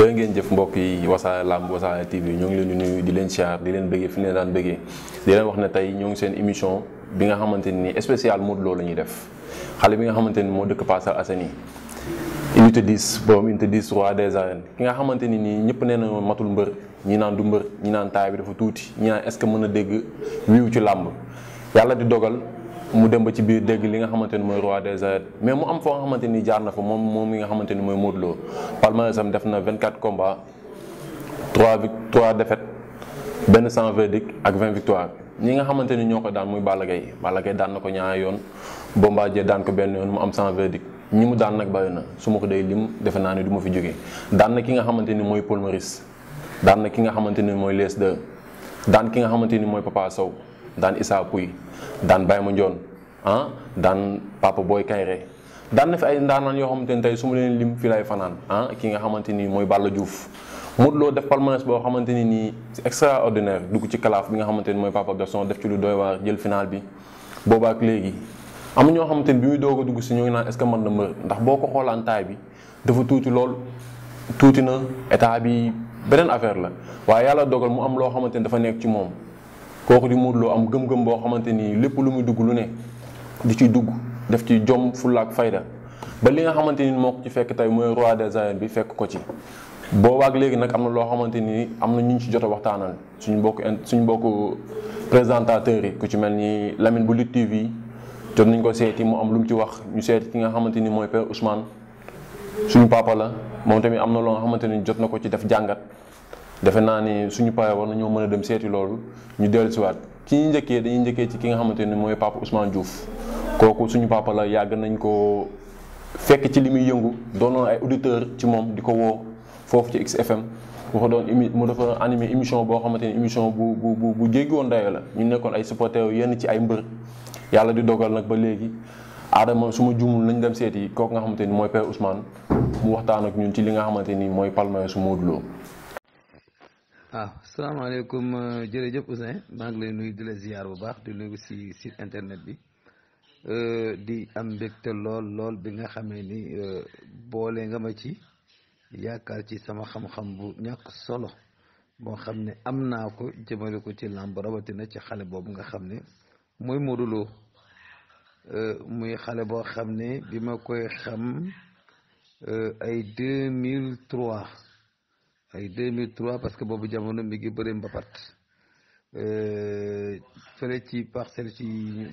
jërë ngeen jëf mbokk yi wasaare làmb wasaare TV ñoo ngi leen di nuyu di leen siyaar di leen bëggee fi ne daan bëggee di leen wax ne tey ñoo ngi seen émission bi nga xamante ni spécial Modou Lo la ñuy def xale bi nga xamante ni moo dëkk Parcelles Assainies unité 10 borom unité 10 roi des arènes ki nga xamante ni nii ñëpp nee na matul mbër ñi naan du mbër ñi naan taay bi dafa tuuti ñi naan est-ce que mën a dégg wiiw ci làmb yàlla di dogal mu dem ba ci biir dégg li nga xamante ni mooy roi des arènes mais mu am foo nga xamante ni jaar na fa moom moom mi nga xamante mooy Modou Lo palmarès am def na 24 combats 3 vic 3 défaites benn sans verdict ak 20 victoires ñi nga xamante ni ñoo ko daan muy Balla Gaye daan na ko ñaari yoon Bombardier daan ko benn yoon mu am sans verdict ñi mu daan nag bari na su ma ko day lim defe naa ne du ma fi jógee daan na ki nga xamante ni mooy Paul Maurice daan ki nga xamante ni mooy Les 2 daan ki nga xamante ni mooy Papa Sow daan Issa Pouy daan Baye Mandione ah daan Papa booy Kayre daan na fi ay ndaanaan yoo xamante ni tey su ma leen lim fi lay fanaan ah ki nga xamante ni mooy Balla Diouf Modou Lo def palmarès boo xamante ni nii extraordinaire dugg ci kalaaf bi nga xamante ni mooy Papa Gaston def ci lu doy waar jël finaal bi ak léegi am ñoo xamante ni bi muy doog dugg si ñoo ngi naan est ce mën na mbër ndax boo ko xoolaan taay bi dafa tuuti lool tuuti na état bi beneen affaire la waaye yàlla dogal mu am loo xamante ni dafa nekk ci moom kooku di Modou loo am gëm-gëm boo xamante ni lépp lu muy dugg lu ne di ci dugg def ci jom fulaak fayda ba li nga xamante ni moo ko ci fekk tey mooy roi des arènes bi fekk ko ci. boo boobaak léegi nag am na loo xamante ni am na ñu ci jot a waxtaanal suñu mbokku suñu mbokku présentateurs yi ku ci mel ni Lamine bu Lutte TV jot nañ ko seeti mu am lu ci wax ñu seeti ki nga xamante ni mooy père suñu papa moom tamit am na loo xamante ni jot na ko ci def jàngat. defe naa ni suñu paree war nañoo mën a dem seeti loolu ñu dellu siwaat ki ñu njëkkee dañuy njëkkee ci ki nga xamante ni mooy papa Ousmane Diouf kooku suñu papa yàgg nañ ko fekk ci li muy yëngu doonoon ay auditeur ci moom di ko woo foofu ci XFM mu ko doon émi mu dafa animé émission boo xamante ni émission bu bu bu bu jéggi woon dayoo la ñu nekkoon ay supporters yenn ci ay mbër yàlla di dogal nag ba léegi aadama su ma juumul nañ dem seeti kooku nga xamante ni mooy père Ousmane mu waxtaan ak ñun ci li nga xamante ni mooy palmarès su Modou Lo waaw ah, salaamaaleykum euh, jërëjëf Ousseyn maa ngi lay nuyu di la bu baax di nuyu si site internet bi euh, di am mbégte lool lool bi nga xam ne ni euh, boolee nga ma ci yaakaar ci sama xam-xam bu ñàkk solo boo xam ne am naa ko jëmale ko ci làmb rawatina ci xale boobu nga xam ne muy Modou Lo muy xale boo xam ne bi ma koy xam ay deux mille trois ay deux mille trois parce que boobu jamono mi ngi bëri mbapat euh, fële ci parcelle ci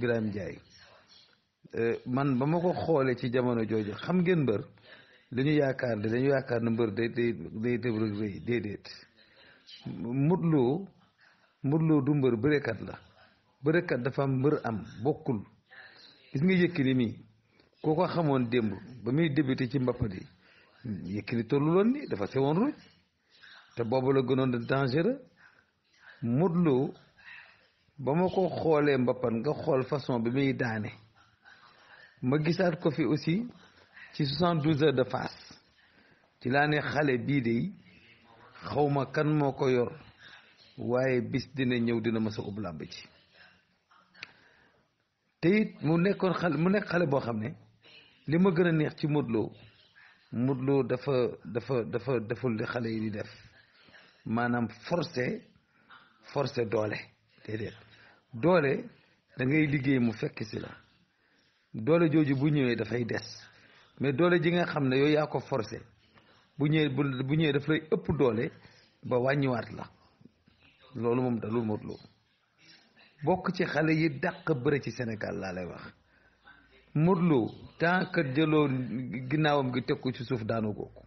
Birame jaay euh, man ba ma ko xoolee ci jamono jooju xam ngeen mbër li ñu yaakaar ne dañu yaakaar ne mbër day day day dëb rek rëy déedéet Modou Lo du mbër bërekat la bërekat dafa am mbër am bokkul gis nga Yékini mii koo ko xamoon démb ba muy débuté ci mbappat yi Yékini tollu loon ni dafa sewoon ruuj te boobu la gënoon dangereux Modou Lo ba ma ko xoolee mbappat nga xool façon bi muy daane ma gisaat ko fi aussi ci soixante douze de face ci laa ne xale bii de xawma kan moo ko yor waaye bis dina ñëw dina mës a làmb ci te it mu nekkoon xale mu nekk xale boo xam ne li ma gën a neex ci Modou Lo dafa dafa dafa deful li xale yi di def maanaam forcé forcé doole déedéet doole dangay liggéey mu fekk si la doole jooju bu ñëwee dafay des mais doole ji nga xam ne yooyu yaa ko forcé bu ñëwee bu ñëwee daf lay ëpp doole ba wàññiwaat la loolu moom dalul Modou Lo bokk ci xale yi dàq bëre ci senegal laa lay wax Modou Lo tant que jëloo ginnaawam gi teg ko ci suuf daanu googu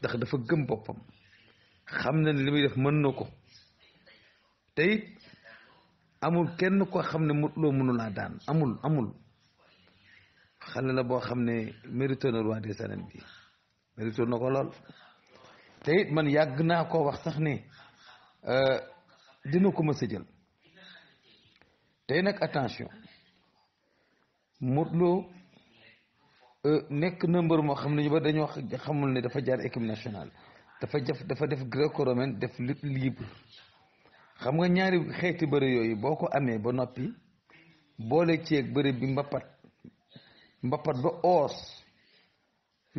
ndax dafa gëm boppam xam na ne li muy def mën na ko te amul kenn koo xam ne Modou Lo mënulaa daan amul amul xale la boo xam ne mérité na roi des arènes bi mérité na ko lool te man yàgg naa ko wax sax ne euh, dina ko mës jël tey nag attention Modou Lo euh, nekk na mbër moo xam ne ñu ba dañoo xamul ne dafa jaar équipe nationale dafa jëf dafa def gréco-romaine def lutte libre xam nga ñaari xeeti bëri yooyu boo ko amee ba noppi boole ceeg bëri bi mbappat mbappat ba oos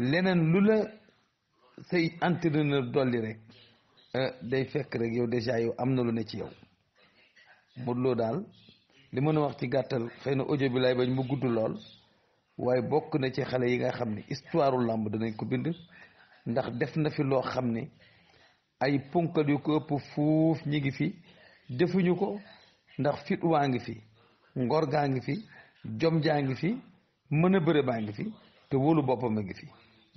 leneen lu la say entraîneur dolli rek eh, day fekk rek yow déjà yow am na lu ne ci yow Modou Lo daal li mën a wax ci gàttal xëy na audio bi lay bañ mu gudd lool waaye bokk na ci xale yi nga xam ne histoire làmb danañ ko bind ndax def na fi loo xam ne ay ponkal yu ko ëpp fuuf ñi ngi fi defuñu ko ndax fit waa ngi fi ngoor gaa ngi fi jom jaa ngi fi mën a bëre baa ngi fi te wolu boppam a ngi fi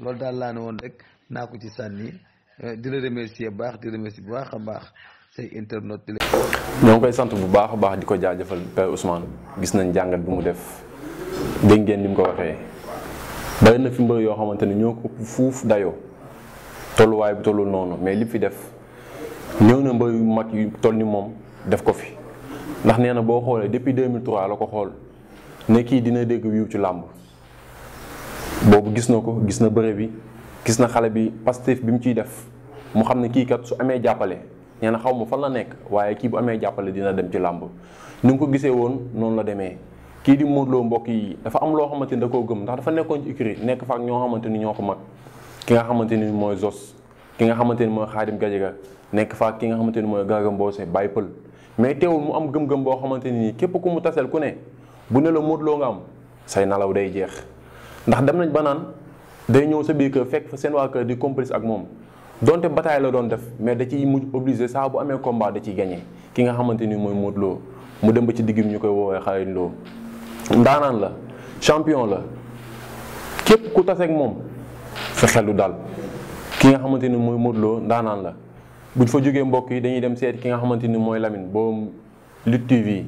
loolu daal laa ne woon rek naa ko ci sànni euh, di la remercier baax di remercier bu baax a baax say internet di la. ñoo ngi koy sant bu baax a baax di ko jaajëfal Père Ousmane gis nañ jàngat bi mu def dégg ngeen ni mu ko waxee bari na fi mbër yoo xamante ne ñoo ko ëpp fuuf dayoo. tolluwaay bi tollu noonu mais li fi def ñëw na mbër mag yu toll ni moom def ko fi ndax nee na boo xoolee depuis 2003 la ko xool ne kii dina dégg wiiw ci làmb boobu gis na ko gis na bëre yi gis na xale bi Pastef bi mu ciy def mu xam ne kii kat su amee jàppale nee xaw ma fan la nekk waaye kii bu amee jàppale dina dem ci làmb nu nga ko gisee woon noonu la demee kii di Modou Lo mbokk yi dafa am loo xamante ni da koo gëm ndax dafa nekkoon ci nekk fa ak ñoo xamante ni ñoo mag ki nga xamante ni mooy Zos ki nga xamante ni mooy Xaadim Gajaga nekk fa ki nga xamante ni mooy Gaga Mbossé Baye Pël mais teewul mu am gëm-gëm boo xamante ni képp ku mu taseel ku ne bu ne la Modou Lo nga am say nelaw day jeex ndax dem nañ ba naan day ñëw sa biir kër fekk fa seen waa kër di complice ak moom donte bataille la doon def mais da ciy mujj obligé saa bu amee combat da ciy gagné ki nga xamante ni mooy Modou mu dem ba ci diggum ñu koy woowee Xaragne loo ndaanaan la champion la képp ku taseeg moom. sa xel du dal ki nga xamante ni mooy Modou Lo ndaanaan la buñ fa jógee mbokk yi dañuy dem seet ki nga xamante ni mooy lamin boobu Lutte TV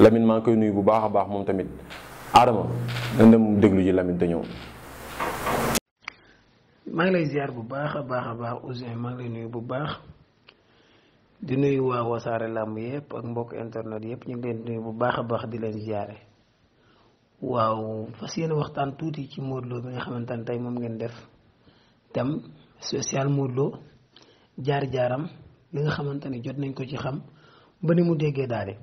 lamin maa ngi koy nuyu bu baax a baax moom tamit Adama dañ dem déglu ji Lamine te ñëw. maa ngi lay ziar bu baax a baax a baax Ousin maa ngi lay nuyu bu baax di nuyu waa wasaare làmb yëpp ak mbokk internet yëpp ñu ngi leen di nuyu bu baax a baax di leen ziare. waaw fas yéene waxtaan tuuti ci Modou Lo bi nga xamante ne tey moom ngeen def. tam spécial Modou jaar-jaaram li nga xamante ne jot nañ ko ci xam ba ni mu déggee daale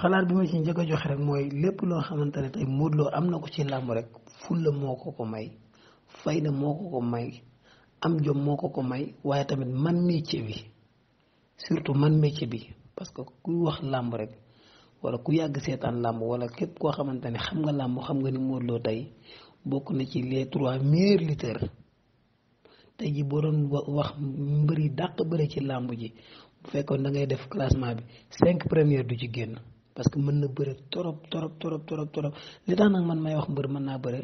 xalaat bi ma ci njëkk a joxe rek mooy lépp loo xamante ne tey Modou am na ko ci làmb rek fulla moo ko ko may fayda moo ko ko may am jom moo ko ko may waaye tamit man métier bi surtout man métier bi parce que kuy wax làmb rek wala ku yàgg seetaan làmb wala képp koo xamante ne xam nga làmb xam nga ni Modou Lo tey bokk na ci les trois meilleurs lutteurs tey ji boo doon wax mbër yi dàq bëre ci làmb ji bu fekkoon da ngay def classement bi cinq premières du ci génn parce que mën na bëre trop trop trop trop trop li tax nag man may wax mbër mën naa bëre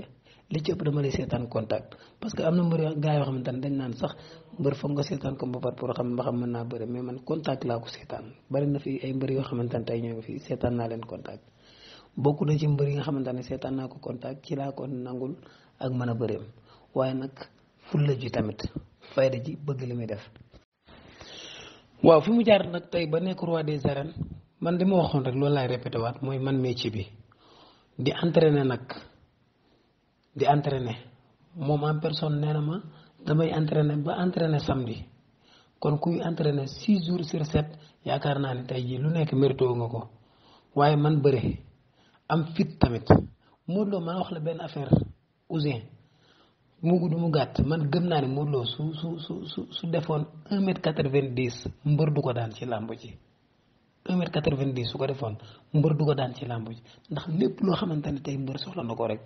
li ci ëpp dama lay seetaan contact parce que am na mbër yoo xamante naan sax mbër foog nga seetaan ko ba pare pour xam ba mën naa bëre mais man contact laa ko seetaan bari na fi ay mbër yoo xamante ne tey ñoo ngi fi seetaan naa leen contact. bokk na ci mbër yi nga xamante ne seetaan naa ko contact ci laa ko nangul ak mën a bëreem waaye nag fulla ji tamit fayda ji bëgg li muy def. waaw fi mu jaar nag tey ba nekk roi des arènes man li ma waxoon rek loolu laay répété waat mooy man métier bi di entraîner nag di entraîner moom en personne nee ma damay entraîner ba entraîner samedi kon kuy entraîner six jours sur sept yaakaar naa ne tey jii lu nekk mérito nga ko waaye man bëre. am fit tamit Modou Lo man wax la benn affaire Ouzin mu gudd mu gàtt man gëm naa ne Modou su su su su defoon un mètre quatre mbër du ko daan ci làmb ji un mètre quatre su ko defoon mbër du ko daan ci làmb ji ndax lépp loo xamante ne tey mbër soxla na ko rek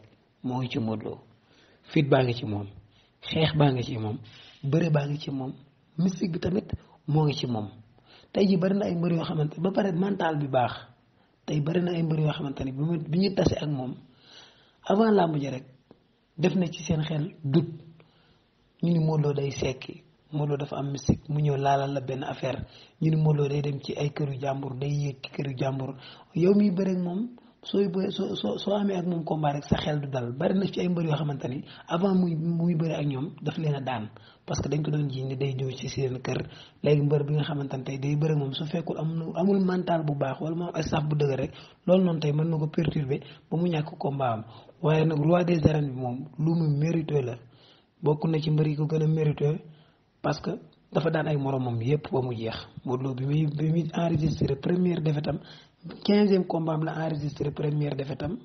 moo ngi ci Modou Lo baa ngi ci moom xeex baa ngi ci moom bëre baa ngi ci moom mystique bi tamit moo ngi ci moom tey ji bari na ay mbër yoo xamante ba pare mental bi baax tey bari na ay mbër yoo xamante ne bi ñu tase ak moom avant làmb ji rek def na ci seen xel dut ñu ni Modou day sekki Modou dafa am mystique mu ñëw laalal la benn affaire ñu ni Modou day dem ci ay këru jàmbur day yéeg ci këru jàmbur yow miy bëreek moom sooy bëree soo soo soo amee ak moom combat rek sa xel du dal bari na ci ay mbër yoo xamante ni avant muy muy bëri ak ñoom daf leen a daan parce que dañ ko doon jiiñ ne day ñëw ci seen kër léegi mbër bi nga xamante ne tey day bëri moom su fekkul amul amul mental bu baax wala moom ay staff bu dëgg rek loolu noonu tey mën na ko perturber ba mu ñàkk combat am waaye nag roi des arènes bi moom lu mu mérité la bokk na ci mbër yi ko gën a mérité parce que dafa daan ay moromam yépp ba mu jeex Modou Lo bi muy bi muy première défaite am quinzième combat am la enregistré première défaite am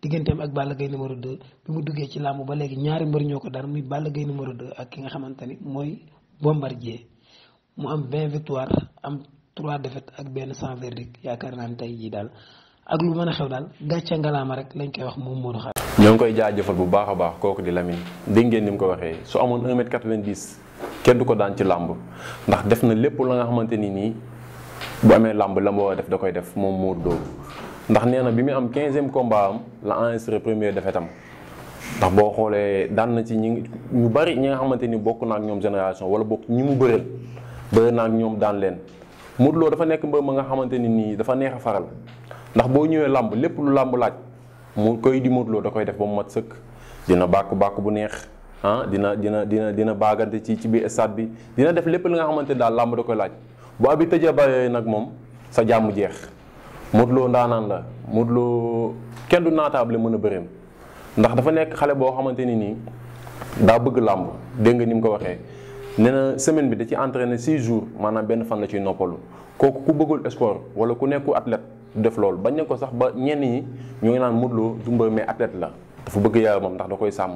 digganteem ak Balla Gaye numéro 2 bi mu duggee ci làmb ba léegi ñaari mbër ñoo ko daan muy Balla Gaye numéro 2 ak ki nga xamante ni mooy Bombardier mu am 20 victoire am 3 defet ak benn sans verdict yaakaar naa ne tey jii daal ak lu mën a xew daal gàcce ngalaama rek lañ koy wax moom Modou Xaar. ñoo ngi koy jaajëfal bu baax a baax kooku di Lamine dégg ngeen ni mu ko waxee su amoon 1 mètre 90 kenn du ko daan ci làmb ndax def na lépp nga xamante ni nii. bu amee làmb la mu def da koy def moom Modou Lo ndax nee na bi muy am quinzième combat am la enregistré premier défaite am ndax boo xoolee daan na ci ñi ñu bari ñi nga xamante ni bokk na ak ñoom génération wala bokk ñi mu bërël bëre naa ak ñoom daan leen Modou Lo dafa nekk mbër ma nga xamante ni nii dafa neex a faral ndax boo ñëwee làmb lépp lu làmb laaj mu koy di Modou da koy def ba mu mat sëkk dina bàkku bàkku bu neex ah dina dina dina dina baagante ci ci biir stade bi dina def lépp li nga xamante ni daal làmb da koy laaj bu abi tëjee ba yooyu nag moom sa jàmm jeex Modou Lo ndaanaan la Modou Lo kenn du naataable mën a bëreem ndax dafa nekk xale boo xamante ni nii daa bëgg làmb dégg nga ni mu ko waxee nee na semaine bi da ci entraîné 6 jours maanaam benn fan la ciy noppalu kooku ku bëggul sport wala ku nekku athlète du def loolu bañ ne ko sax ba ñenn ñi ñoo ngi naan Modou Lo du mais athlète la dafa bëgg yaramam ndax da koy sàmm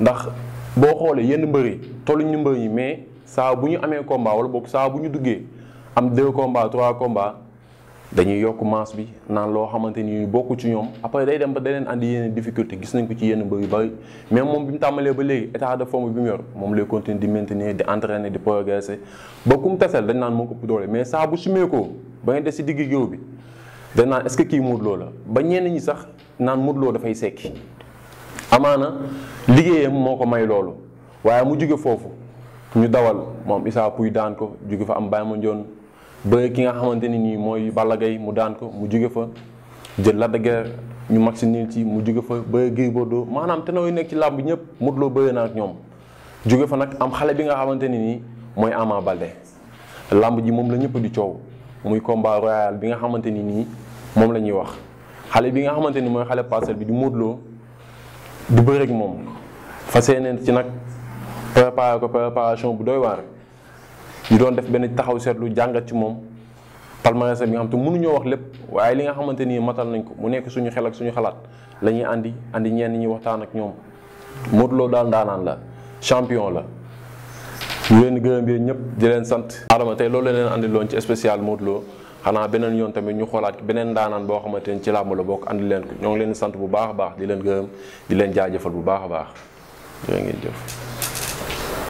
ndax boo xoolee yenn mbër yi tollu ñu mbër ñi mais saa bu ñu amee combat wala boog saa bu ñu duggee am deux combats trois combats dañuy yokk masse bi naan loo xamante ni bokku ci ñoom après day dem ba day leen andi yenn difficulté gis nañ ko ci yenn mbër yu bari mais moom bi mu tàmbalee ba léegi état de forme bi mu yor moom lay continuer di maintenir di entraîner di progresser ba kum taseel dañ naan moo ko ëpp doole mais saa bu sumee ba nga des si digg géew bi dañ naan est que kii Modou Lo la ba ñenn ñi sax naan Modou dafay sekki. amaana liggéeyam moo ko may loolu waaye mu juge foofu ñu dawal moom Issa Pouye daan ko jóge fa am Baye Mandione ba ki nga xamante ni nii mooy Balla Gaye mu daan ko mu jóge fa jël Lac de Guiers ñu mag si ci mu jóge fa ba Gris maanaam te nekk ci làmb ñëpp Modou Lo na ak ñoom jóge fa am xale bi nga xamante ni nii mooy Ama Baldé làmb ji moom la ñëpp di coow muy combat royal bi nga xamante ni nii moom la ñuy wax xale bi nga xamante ni mooy xale Parcelles bi di Modou du bëre moom fa yéeneen ci nag préparé ko préparation bu doy waar ñu doon def benn taxaw seetlu jàngat ci moom palmarès bi nga xam te wax lépp waaye li nga xamante nii matal nañ ko mu nekk suñu xel ak suñu xalaat lañuy àndi àndi ñenn ñi waxtaan ak ñoom Modou daal ndaanaan la champion la. ñu leen gërëm yéen ñëpp di leen sant. Adama tey loolu la àndi loon ci spécial Modou xanaa beneen yoon tamit ñu xoolaat beneen daanaan boo xamante ni ci làmb la bokk andi leen ko ñoo ngi leen sant bu baax baax di leen gërëm di leen jaajëfal bu baax a baax jërë ngeen jëf